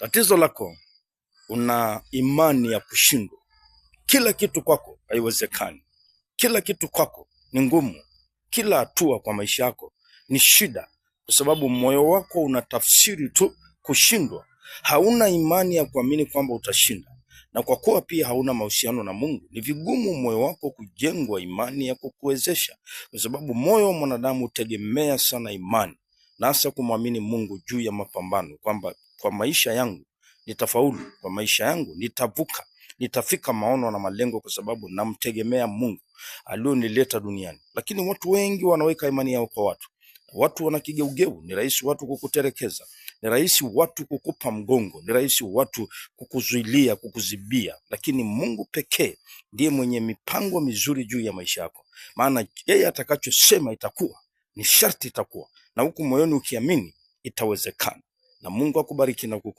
Tatizo lako una imani ya kushindwa. Kila kitu kwako haiwezekani, kila kitu kwako ni ngumu, kila hatua kwa maisha yako ni shida, kwa sababu moyo wako una tafsiri tu kushindwa. Hauna imani ya kuamini kwamba utashinda, na kwa kuwa pia hauna mahusiano na Mungu, ni vigumu moyo wako kujengwa imani ya kukuwezesha, kwa sababu moyo wa mwanadamu hutegemea sana imani na hasa kumwamini Mungu juu ya mapambano kwamba kwa maisha yangu, nitafaulu kwa maisha yangu, nitavuka, nitafika maono na malengo, kwa sababu namtegemea Mungu alionileta duniani. Lakini watu wengi wanaweka imani yao kwa watu. Watu wana kigeugeu, ni rahisi watu kukuterekeza, ni rahisi watu kukupa mgongo, ni rahisi watu kukuzuilia, kukuzibia. Lakini Mungu pekee ndiye mwenye mipango mizuri juu ya maisha yako, maana yeye atakachosema itakuwa ni sharti itakuwa, na huku moyoni ukiamini itawezekana na Mungu akubariki na kukuongoza.